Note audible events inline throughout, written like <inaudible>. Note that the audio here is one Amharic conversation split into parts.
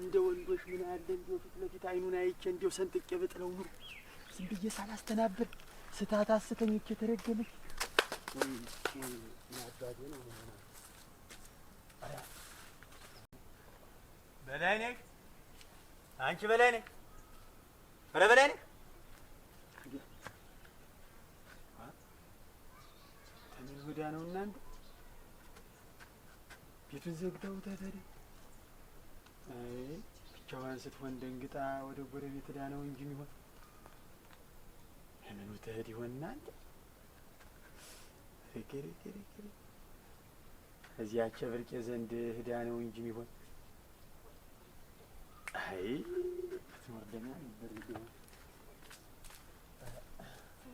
እንደ ወንዶች ምን አለ እንዲሁ ፊት ለፊት አይኑን አይቼ እንዲሁ ሰንጥቄ ብጥለው ኑሮ ዝም ብዬ ሳላስተናብር ስታት በላይ ነህ አንቺ፣ በላይ ነህ ኧረ በላይ ነህ ወዲያ ነው እናንተ ቤቱን ዘግተው ታታሪ አይ ብቻዋን ስትሆን ደንግጣ ወደ ጎረቤት ዳ ነው እንጂ የሚሆን ምኑ ትሄድ ይሆን እናንተ ፍቅር ፍቅር እዚያቸ ብርቄ ዘንድ ህዳ ነው እንጂ የሚሆን አይ ትኖር ነበር ይሆን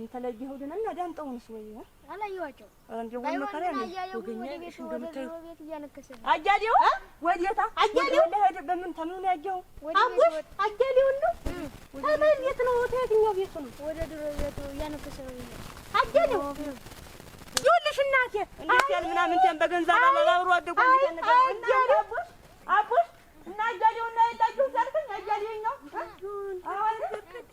የተለየሁትን እና ዳምጠውንስ ወይ አላየኋቸው። እንደው አያሌው ወዴታ አያሌው ለሄደ በምን ያየው አያሌው ነው። ተምን ነው? ቤቱ ነው? ወደ ድሮ ቤቱ እያነከሰ ነው አያሌው። ይኸውልሽ እናቴ እንዴት ምናምን በገንዘብ አደጉ እና አያሌው እና ያላችሁ ሰርተኝ አያሌው ነው አሁን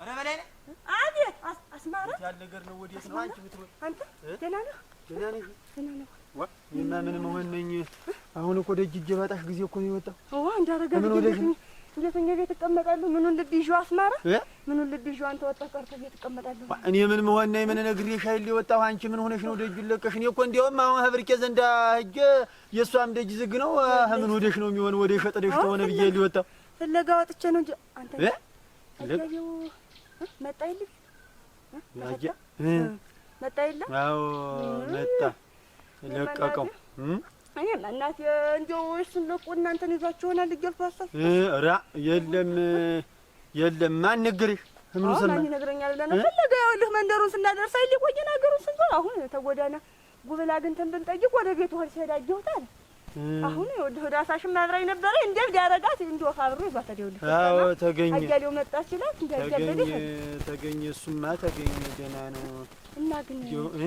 أنا بلاقي አቤት አስማራ ያለ ነው። ወዴት ነው አንቺ ምትሮጥ? አንተ ደህና ነህ? ደህና ነህ? ደህና ነህ? ዋ ምን መሆን ነኝ? አሁን እኮ ደጅ እጄ ባጣሽ ጊዜ እኮ ነው የወጣው። ዋ እንዳረጋ ምን ወደሽ ሁለተኛ ቤት እቀመጣለሁ። ምኑን ልብ ይዤው አስማራ፣ ምኑን ልብ ይዤው አንተ ወጣ ቀርቶ ቤት እቀመጣለሁ። እኔ ምን መሆን ነኝ? ምን ነግሬሽ አይደል የወጣሁ። አንቺ ምን ሆነሽ ነው ደጁን ለቀሽ? እኔ እኮ እንዲያውም አሁን ሀብርቄ ዘንዳ ሂጅ፣ የእሷም ደጅ ዝግ ነው። ምን ወደሽ ነው የሚሆን? ወደ ሸጥደሽ ከሆነ ብዬ ሊወጣው ፍለጋ ወጥቼ ነው እንጂ አንተ መጣይልኝ መጣይላ? አዎ መጣ። ለቀቀው ይሄማ እናቴ እንዲያው እሱን ለቁ እናንተን ይዟችሁ ይሆናል እያልኩ ሀሳብ ራ የለም የለም ማን ንግሪህ? እምኑ ሰማ ማን ይነግረኛል ብለህ ነው ፈለገ ይኸውልህ መንደሩን ስናደርስ አይልቆየ ነገሩን ስንዞር አሁን ተጎዳና ጉብል አግኝተን ብንጠይቅ ወደ ቤቱ ሆል ሲሄድ አየሁት አለ አሁን ይኸውልህ ወደ አሳሽም አብራኝ ነበረ እንደው ዳረጋት እንደው ካብሮ ይዟት ይኸውልህ። አዎ ተገኘ አያሌው መጣ ይችላል እንዴ ተገኘ ተገኘ። እሱማ ተገኘ ደህና ነው። እና ግን ዮ እ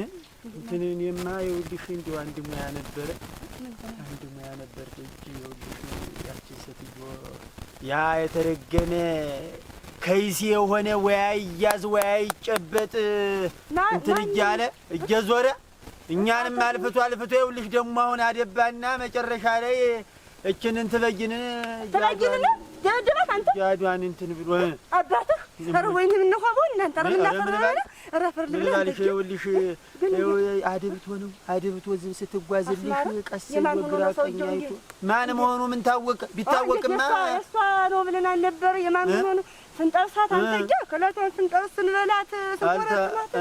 እንትን እኔማ ይኸውልሽ እንዴ አንድ ሙያ ነበረ አንድ ሙያ ነበር እጅ ይኸውልሽ ያችን ሴትዮ ያ የተረገመ ከይሲ የሆነ ወያ ይያዝ ወያ ይጨበጥ እንትን እያለ እየዞረ እኛንም አልፍቶ አልፍቶ ይኸውልሽ ደግሞ አሁን አደባና መጨረሻ ላይ እችንን ትበይንን ትበይንን ደበደባት አንተ ያዷን እንትን ብሎ አባትህ ኧረ ወይኔ ምነው ሆቦ እናንተ ኧረ ምናፈር ረፈር ልብላለሽ ይኸውልሽ አድብቶ ነው አድብቶ ዝም ስትጓዝልሽ ቀስ ግራ ቀኝ አይቶ ማን መሆኑ ምን ታወቀ ቢታወቅማ እሷ ነው ብለናል ነበር የማን መሆኑ ስንጠብሳት አንተ እንጃ ከእለቷን ስንጠርስ ስንበላት ስንቆረጥላት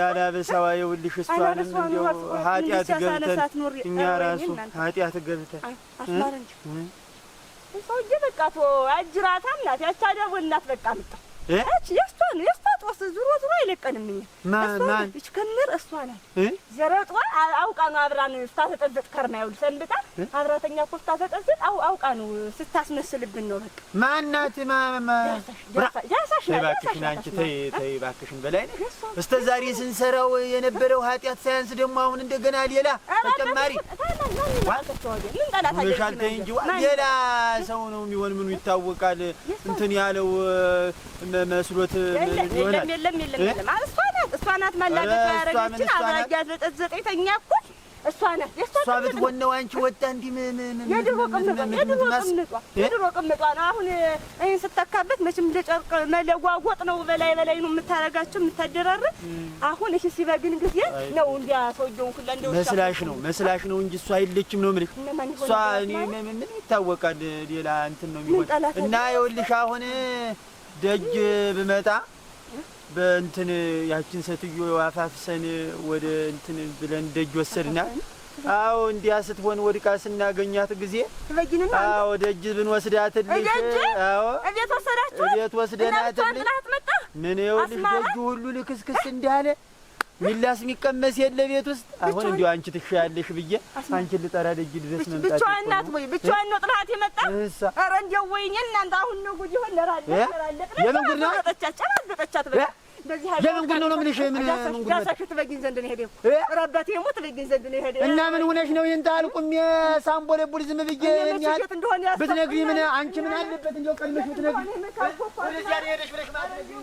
ያላበሳዋ ይኸውልሽ እሷን እንዲያው ኃጢአት ገብተን እኛ ራሱ ኃጢአት ገብተን አስማር እንጂ ሰውዬ በቃ አጅራታም ናት ያቻ ደቦ እናት በቃ ምጣ የእሷ ነው የእሷ ጦስ ዙሮ ዙሮ አይለቀንም። እኛ እሷ ከምር እሷ ናት ዘረጧ። አውቃ ነው አብራ ስታተጠብጥ ከርማ ይኸውልህ ሰንብታ አብራተኛ እኮ ስታተጠብጥ አውቃ ነው ስታስመስልብን ነው። በቃ ማናት ዳሳሽ ናት። እባክሽን አንቺ ተይ ተይ እባክሽን በላይ እስከ ዛሬ ስንሰራው የነበረው ኃጢአት ሳያንስ ደግሞ አሁን እንደገና ሌላ ተጨማሪ ሻል ተይ እንጂ ሌላ ሰው ነው የሚሆን ምኑ ይታወቃል እንትን ያለው መስሎት የለም የለም የለም። እሷ ናት እሷ ናት ያደረገችን ዘጠኝ ተኛ እሷ ናት። እሷ አንቺ ወጣ የድሮ ቅምጧ የድሮ ቅምጧ ነው። አሁን ይህን መቼም ነው። በላይ በላይ ነው የምታረጋቸው የምታደራርብ። አሁን እሺ ሲበግን ጊዜ ነው እንዲያ ሰውየውን ሁላ እንደ መስላሽ ነው መስላሽ ነው እንጂ እሷ ነው የምልሽ። እሷ ምን ይታወቃል ሌላ እንትን ነው የሚሆን እና ይኸውልሽ አሁን ደጅ ብመጣ በእንትን ያችን ሴትዮ አፋፍሰን ወደ እንትን ብለን ደጅ ወሰድናት አዎ እንዲያ ስትሆን ወድቃ ስናገኛት ጊዜ አዎ ደጅ ብንወስዳትልሽ፣ አዎ እቤት ወስደናትልሽ። ምን ይኸውልሽ ደጁ ሁሉ ልክስክስ እንዳለ ሚላስ የሚቀመስ የለ ቤት ውስጥ። አሁን እንዲሁ አንቺ ትሻያለሽ ብዬ አንቺን ልጠራ ደጅ ድረስ መምጣት ብቻዋን ናት ወይ ብቻዋን ነው ጥላት የመጣ ኧረ እንዲያው ወይኔ እናንተ አሁን ነው ጉድ ይሆን ለራለ የምን ጉድ ነው ጨራበጠቻት በ የምን ጉድ ነው ነው የምልሽ ምን ምን ጉድ ነው ዳሳሽ ትበጊኝ ዘንድ ነው የሄደው ኧረ አባቴ ሞት ትበጊኝ ዘንድ ነው የሄደው እና ምን ሆነሽ ነው ይሄን ታልቁም ቁሜ ሳምቦለቡል ዝም ብዬ የሚያል ብትነግሪ ምን አንቺ ምን አለበት እንዲያው ቀድመሽ ብትነግሪ ወደዚያ ነው የሄደሽ ብለሽ ማለት ነው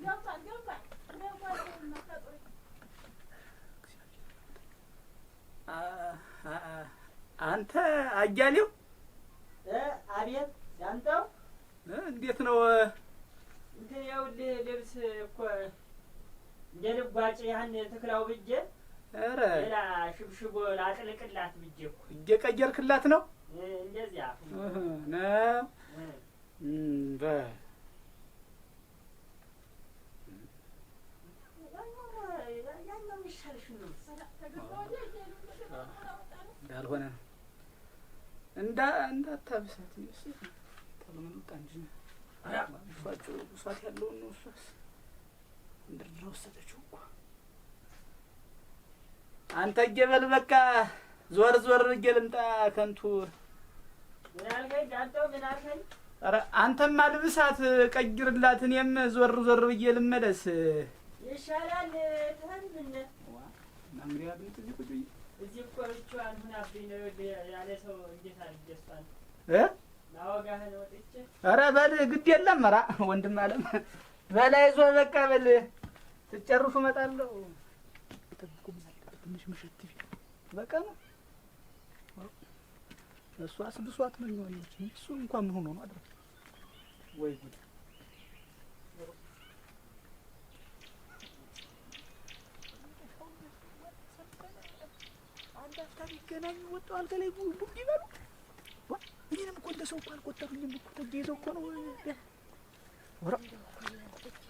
አንተ አያሌው? አቤት። ያንተው እንዴት ነው? እንት ይኸውልህ ልብስ እኮ እንደ ልቧጭ ያህን ተክላው ብዬ ኧረ ሌላ ሽብሽቦ ላጥልቅላት ብዬ እኮ እየቀየርክላት ነው እንደዚያ ነው በ ያልሆነ ነው እንዳታብሳት እሷት ያለውን ነው። እሷስ ወሰደችው እኮ አንተ እየበል በቃ ዞር ዞር ብዬ ልምጣ። ከንቱ ኧረ አንተማ ልብሳት ቀይርላት፣ እኔም ዞር ዞር ብዬ ልመለስ ይሻላል። ኧረ በል ግድ የለም ኧረ ወንድም አለም በል አይዞህ በቃ በል ትጨርሱ እመጣለሁ። ትንሽ ምሽት በቃ ነው ነው እሱ እንኳን ምን ሆኖ ነው ወይ ጉድ ሲገናኙ ወጣው አልጋ ላይ ቡንዲ ይበሉ። እኔንም እኮ እንደ ሰው እኮ አልቆጠሩኝም እኮ ተጅ ይዘው እኮ ነው። ወራ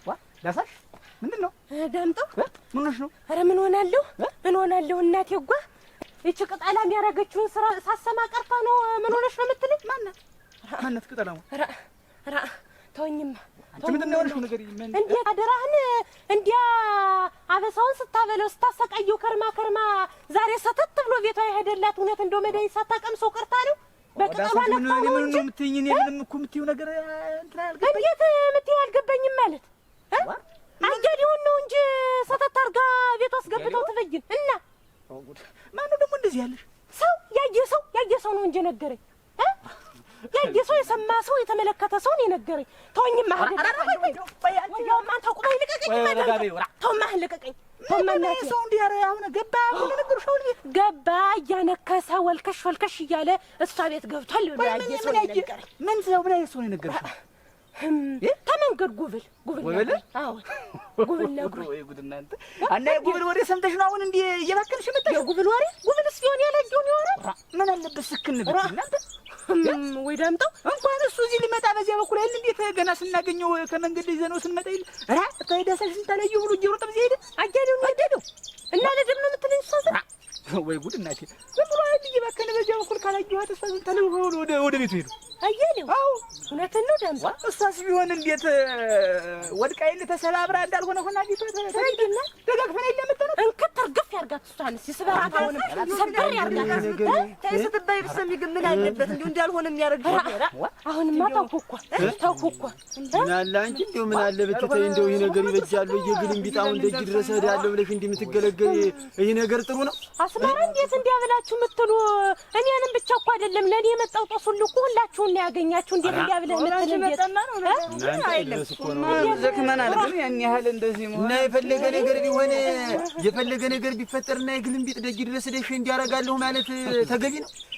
ዋ ዳሳሽ ምንድን ነው ዳምጠው? ምን ሆነሽ ነው? ኧረ ምን ሆናለሁ ምን ሆናለሁ እናቴ ጓ ይቺ ቅጠላ የሚያደርገችውን ስራ ሳሰማ ቀርታ ነው። ምን ሆነሽ ነው የምትለኝ? ማናት ማናት ቅጠላ? ኧረ ኧረ ተወኝማ እንዴ አደራህን እንዲያ አበሳውን ስታበለው ስታሰቃየው ከርማ ከርማ ዛሬ ሰተት ብሎ ቤቷ የሄደላት እውነት እንደው መድኃኒት ሳታቀምሰው ቀርታ ነው። በቅጠሏ ነው እንጂ ምንም እኮ የምትይው ነገር እንዴት የምትይው አልገባኝም። ማለት አያሌውን ነው እንጂ ሰተት አድርጋ ቤቷ አስገብተው ትበይን እና ማነው ደግሞ እንደዚህ ያለሽ ሰው ያየ ሰው ያየ ሰው ነው እንጂ ነገረኝ ያየ ሰው የሰማ ሰው የተመለከተ ሰውን የነገረኝ ተወኝማ፣ ገባ እያነከሰ ወልከሽ ወልከሽ እያለ እሷ ቤት ገብቷል። ምን ሰው ምን ሰው ነው የነገረሽ? ተመንገድ ጉብል ጉብል ጉብል ነግሮ <laughs> እና የጉብል ወሬ ሰምተሽ ነው አሁን እንዲህ እየባከንሽ መጣሽ። የጉብል ወሬ ጉብል ቢሆን ያላየውን ያወራል። ምን አለበት ስክን ብትይ እናንተ ወይ ዳምጠው እንኳን እሱ እዚህ ሊመጣ በዚያ በኩል አይደል? እንዴት ገና ስናገኘው ከመንገድ ላይ ዘነው ስንመጣ ይል ራ ተሄዳሳሽ ስንታለዩ ብሎ እየሮጠ በዚህ ሄደ አጃደው ነው እና ለደም ነው የምትለኝ እሷ ወይ ጉድ እናቴ! ዝም ብሎ አንድ እየባከነ በዚያ በኩል ካላየኋት እሷ ዝም ተለውሆ ወደ ወደ ቤቱ ሄዱ። አየህ? አዎ እውነትን ነው ዳምባ። እሷስ ቢሆን እንዴት ወድቃ የለ ተሰባብራ እንዳልሆነ ሆና ቤቷ ተሰድና ደጋግፈን የለምጠነ እንክት እርግፍ ያርጋት እሷን ሲስበራት አሁንም ሰበር ያርጋት። ተይስትባይ ብትሰሚ ግን ምን አለበት እንዲሁ እንዳልሆነ የሚያደርግ አሁንማ ታውኮኳ ታውኮኳ ምናለ አንቺ እንዲሁ ምን አለ በተተይ እንደው ይህ ነገር ይበጃሉ እየግልም ቢጣሁን ደጅ ድረስ እሄዳለሁ ብለሽ እንዲህ የምትገለገል ይህ ነገር ጥሩ ነው። ጋር እንዴት እንዲያብላችሁ የምትሉ እኔንም ብቻ እኮ አይደለም ለእኔ የመጣው ጦስ ሁሉ እኮ ሁላችሁን ነው ያገኛችሁ። እንዴት እንዲያብለ የምትል ዘክመናል። ያን ያህል እንደዚህ እና የፈለገ ነገር ቢሆን የፈለገ ነገር ቢፈጠርና የግልምቢጥ ደጅ ድረስ ደሽ እንዲያረጋለሁ ማለት ተገቢ ነው።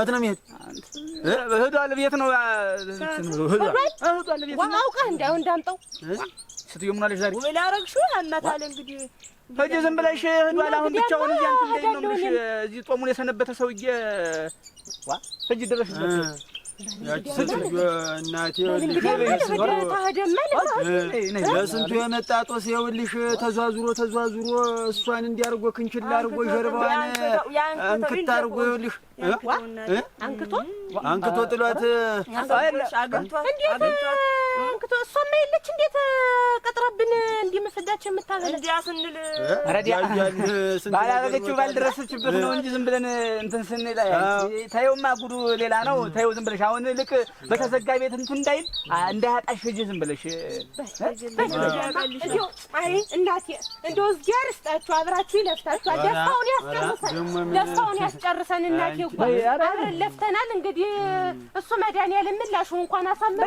እህት ነው የሚሄድ እህዷል ነው ነው እንዳምጠው ስትዮ ምን አለሽ ዛሬ እንግዲህ ዝም ብለሽ እህዷል አሁን ብቻውን ነው እዚህ ጦሙን የሰነበተ ሰውዬ ዋ ሂጅ ድረሽ ለስንቱ የመጣ ጦስ ይኸውልሽ፣ ተዟዙሮ ተዟዙሮ እሷን እንዲያርጎ ክንችላ አርጎ ጀርባዋን አንክት አርጎ ይኸውልሽ አንክቶ ጥሏት ተመልክቶ እሷማ የለች እንዴት ቀጥረብን እንዲህ መስጋቸው የምታበላ እንዲያ ስንል ባልደረሰችበት ነው እንጂ ዝም ብለን እንትን ስንል ተይውማ ጉዱ ሌላ ነው። ተይው ዝም ብለሽ አሁን ልክ በተዘጋ ቤት እንትን እንዳይል እንዳያጣሽ ሂጂ ዝም ብለሽ አይ እናቴ እንደው አብራችሁ ይለፍታችሁ ደስታውን ያስጨርሰን ደስታውን ያስጨርሰን እናቴ እኮ አብረን ለፍተናል። እንግዲህ እሱ መድኃኒዓለም ምላሹ እንኳን አሳምረ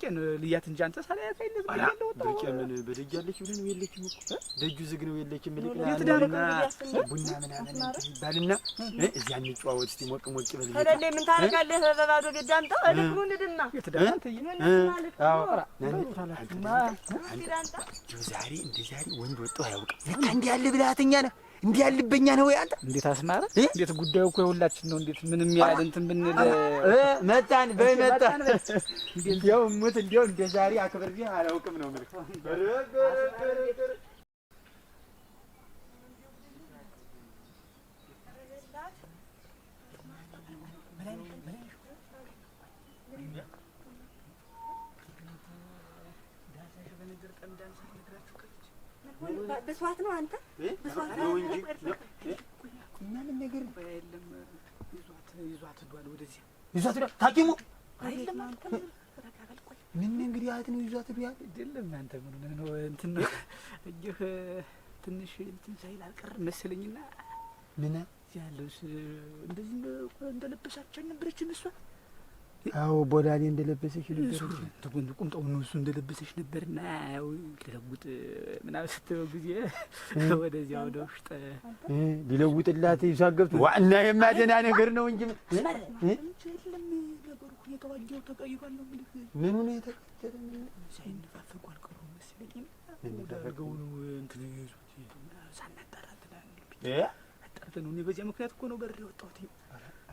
ብርቄን ልያት እንጂ አንተ ሳላያት አይነት ብያለሁ። ብርቄ ምን በደጅ ያለች ብለን የለችም እኮ ደጁ ዝግ ነው የለችም። ልቅናና ቡና ምናምን ይባልና እዚያ እንጨዋወት እስኪ ሞቅ ሞቅ በል። ከሌለ ምን ታደርጋለህ? በባዶ ገድ አምጣው ልግሩ ንድና ዛሬ እንደ ዛሬ ወንድ ወጣው አያውቅም። ለካ እንዲህ ያለ ብልሃተኛ ነህ እንዲህ ያልበኛ ነው ያለ እንዴት አስማረ፣ እንዴት ጉዳዩ እኮ የሁላችን ነው። እንዴት ምንም ያህል እንትን ብንል መጣን በይ መጣን። እንዴት ያው ሙት እንዴው እንደ ዛሬ አክብሬ አላውቅም ነው የምልህ። ብስዋት ነው አንተ ብስዋት ነው እንጂ ምንም ነገር የለም። ይዟት ይዟት ዷል ወደዚህ ይዟት ዷል ታኪሙ አይደለም አንተ ምን እንግዲህ አያት ነው ይዟት ዷል አይደለም አንተ ምን ነው እንትን ነው እጅህ ትንሽ እንትን ሳይል አልቀርም መሰለኝና ምን ያለውስ እንደዚህ እንደለበሳቸው ነበረችን እሷ አዎ ቦዳኔ እንደለበሰሽ ነበር ተጎንዱ ቁምጣው ነው እሱ እንደለበሰሽ ነበርና ያው ሊለውጥ ምናምን ስትለው ጊዜ ወደዚያ ወደ ውሽጥ ሊለውጥላት ይሳገብት ዋና የማደና ነገር ነው እንጂ ምን ሁኔታ ሳይነፋፈቁ መሰለኝ። ነው በዚያ ምክንያት እኮ ነው በር የወጣሁት።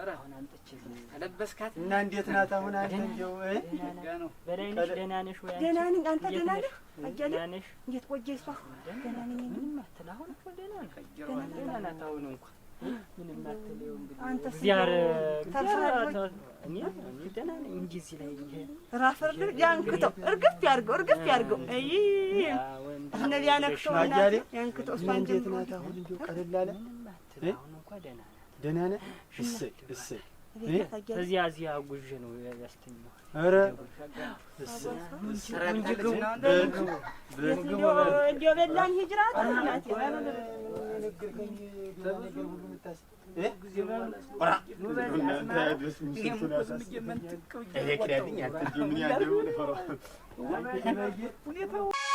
ኧረ አሁን አምጥቼ ከለበስካት እና እንዴት ናት አሁን? አንተ እንደው ነሽ? ደህና ነሽ ወይ? ደህና ነኝ። አንተ ደህና ነህ? አያሌ እንዴት ቆየ? እሷ ደህና ነኝ። ምንም አትል። አሁን እኮ ደህና ነህ? ደህና ናት አሁን እንኳን ምንም አትል። ይኸው እንግዲህ እግዚአብሔር እኔ ደህና ነኝ እንጂ እዚህ ላይ ይሄ ራፈር ያንክተው፣ እርግፍ እርግፍ እነ እና ያንክተው። እንዴት ናት አሁን? ቀለል አለ። ምንም አትል። አሁን እንኳን ደህና ደህና ነህ? እሰይ እሰይ። ከዚያ እዚያ ጉዤ ነው ያስተኛው። ኧረ እሰይ እንዲያው በላን ሂጅራት ምን